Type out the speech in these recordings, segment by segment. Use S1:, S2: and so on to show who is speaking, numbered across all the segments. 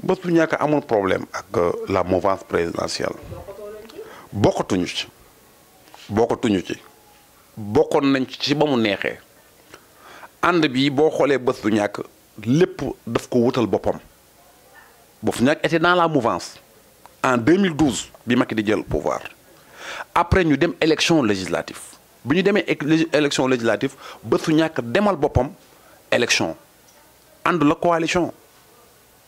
S1: bés bu ñàkk amul problème ak euh, la mouvance présidentielle bokkatuñu ci beaucoup ci bokkoon nañ ci ba mu neexee ànd bi boo xoolee bés bu ñàkk lépp daf ko wutal boppam bés bu était dans la mouvance en 2012 bi Macky di jël pouvoir après ñu dem élection législative bi ñu demee élection législative bés bu ñàkk demal élection ànd la coalition.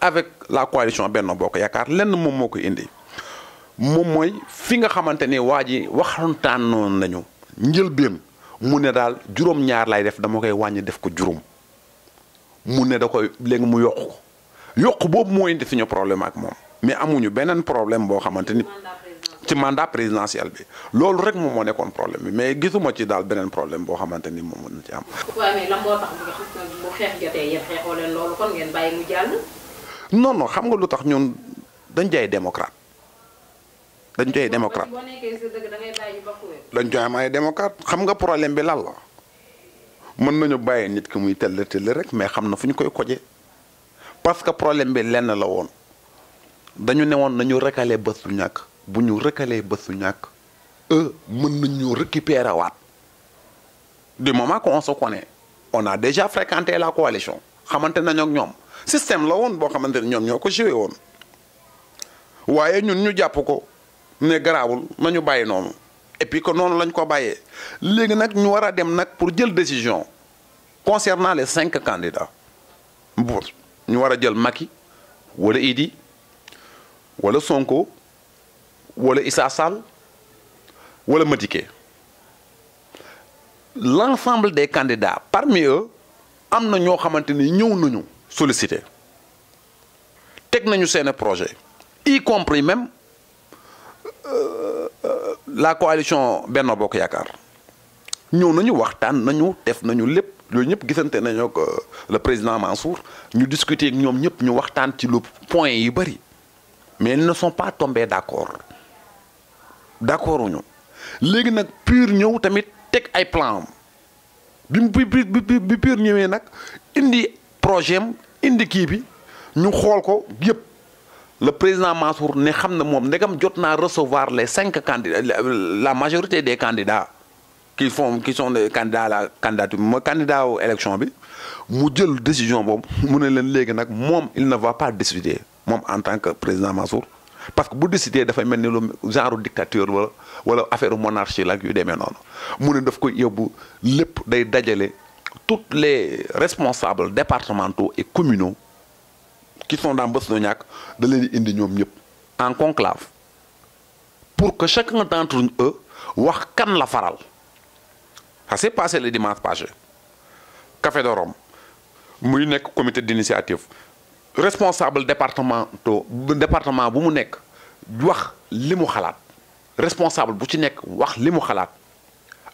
S1: avec la coalition Benno Bokk Yaakaar lenn moom moo ko indi moom mooy fi nga xamante ne waa ji waxantaan noonu nañu njël njëlbéen mu ne daal juróom-ñaar lay def dama koy wàññi def ko juróom mu ne da koy léegi mu yokk ko yokk boobu moo indi suñu problème ak moom mais amuñu beneen problème boo xamante ni ci mandat présidentiel bi loolu rek moom moo nekkoon problème bi mais gisuma ci daal beneen problème boo xamante ni moom mën na ci am. non non xam nga lutax nous ñun dañ démocrate dañ jaay démocrate dañ jay may démocrate xam nga problème bi lan la mën nañu bàyyi nit ki muy rek mais xam na fu koy parce que problème bi lenn la woon dañu ne nañu du moment qu'on se connaît on a déjà fréquenté la coalition nañu système la on que xamante ne ñun ñu ne nañu non. et puis que non lañ ko bayé légui nak ñu dem pour décision concernant les cinq candidats ñu wara jël wala Idi wala Sonko wala Issa Sall wala l'ensemble des candidats parmi eux am ño xamanteni ñew sollicité teg nañu un projet y compris même euh, euh, la coalition Benno Bokk Yakar. nous nañu waxtaan nañu def nañu lépp que nous euh, le président Mansour ñu discuter ak ñoom nous ñu waxtaan ci lu point yu bari. mais ils ne sont pas tombés d'accord d'accord uñu léegi nag PUR ñëw tamit nous ay plan am bi bi nous PUR ñëwee indi projet indi ki bi ñu xol ko yëpp le président Mansour ne xam na moom ndegam jot naa recevoir les cinq candidats la majorité des candidats qui font qui sont des candidats à la candidature mooy candidat wu élection bi mu jël décision boobu mu ne leen léegi nag moom il ne va pas décider moom en tant que président Mansour parce que bu décider dafay mel ni lu genre dictature wala wala affaire monarchie la yu demee noonu mu ne daf ko yóbbu lépp day dajale tous les responsables départementaux et communaux qui sont dans bosnie de en conclave pour que chacun d'entre eux wax kan la faral ça s'est passé le dimanche passé Café de Rome le comité d'initiative responsable départementaux département bu doit wax Les responsable bu ci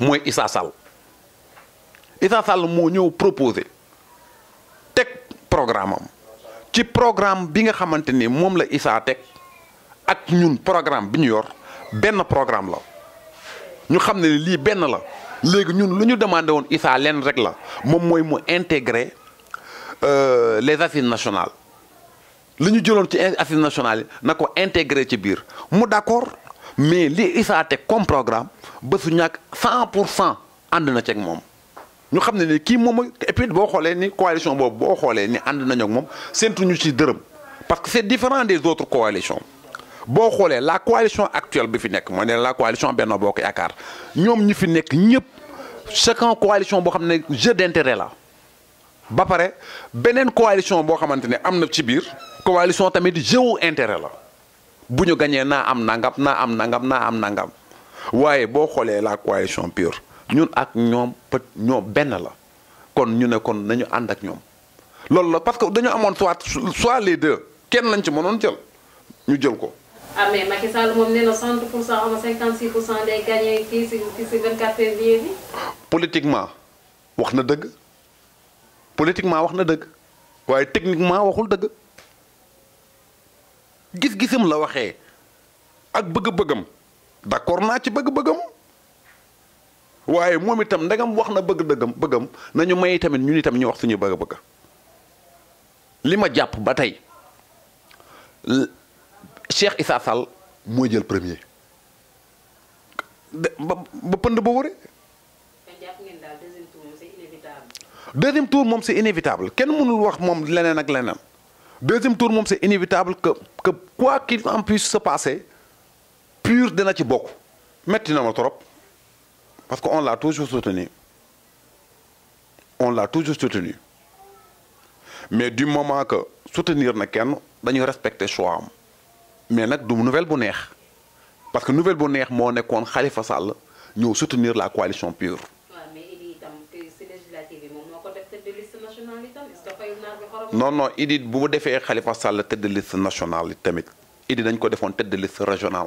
S1: mooy Issa Sall Issa Sall moo ñëw proposé teg programme am ci programme bi nga xamante ni moom la Issa teg ak ñun programme bi ñu yor benn programme la ñu xam ne lii benn la léegi ñun lu ñu demandé woon Issa leen rek la moom mooy mu intégrer euh, les assises nationales li ñu jëloon ci assises nationales yi na ko intégrer ci biir mu d'accord mais li Issa teg comme programme bésu ñàkk 100 and na ci ak mom ñu xamné ne ni kii moom et puis boo ni coalition boobu bo xolé ni and nañu ak sentu ñu ci dërëm parce que c'est différent des autres coalitions bo xolé la coalition actuelle bi fi nek mo né la coalition Benno Bokk Yaakaar ñom ñi fi nek ñëpp chacun coalition bo xamné jeu d'intérêt la ba paré benen coalition bo xamantene amna am ci bir coalition tamit jeu intérêt la buñu gagné na am nangam na am nangam na am nangam waaye boo xoolee la coalition pure ñun ak ñoom peut ñoom benn la kon ñu ne kon nañu ànd ak ñoom loolu la parce que dañu amoon soit soit les deux kenn nañ ci mënoon jël ñu jël ko. ah mais Macky Sall moom nee na 60 pour cent pour cent politiquement wax na dëgg politiquement wax na dëgg waaye techniquement waxul dëgg gis-gisam la waxee ak bëgg-bëggam. d'accord naa ci bëgg-bëggam waaye moom itam ndegam wax na bëgg-dëggam bëggam nañu may tamit ñun itam ñu wax suñu bëgg-bëgg li ma jàpp ba tey Cheikh Issa Sall mooy jël premier. ba ba pënd ba wëre. deuxième tour moom c'est inévitable kenn mënul wax moom leneen ak leneen deuxième tour moom c'est inévitable que que quoi qu'il en puisse se passer. pur de ci boc. Maintenant, na trop parce qu'on l'a toujours soutenu on l'a toujours soutenu mais du moment que soutenir na on respecte respecter choix am mais nous du nouvelle bu parce que nouvelle bu neex c'est nekkoon Khalifa Sall nous soutenir la coalition pure. non non Il dit bu defee Khalifa Sall tête de liste nationale il Idi dañ ko faire tête de liste régionale.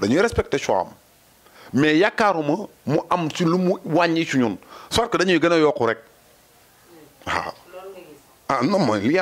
S1: dañuy respecté choix am mais yaakaaruma mu am ci lu mu wàññi ci ñun soit que dañuy gën a yokku rek waaw. ah non mooy li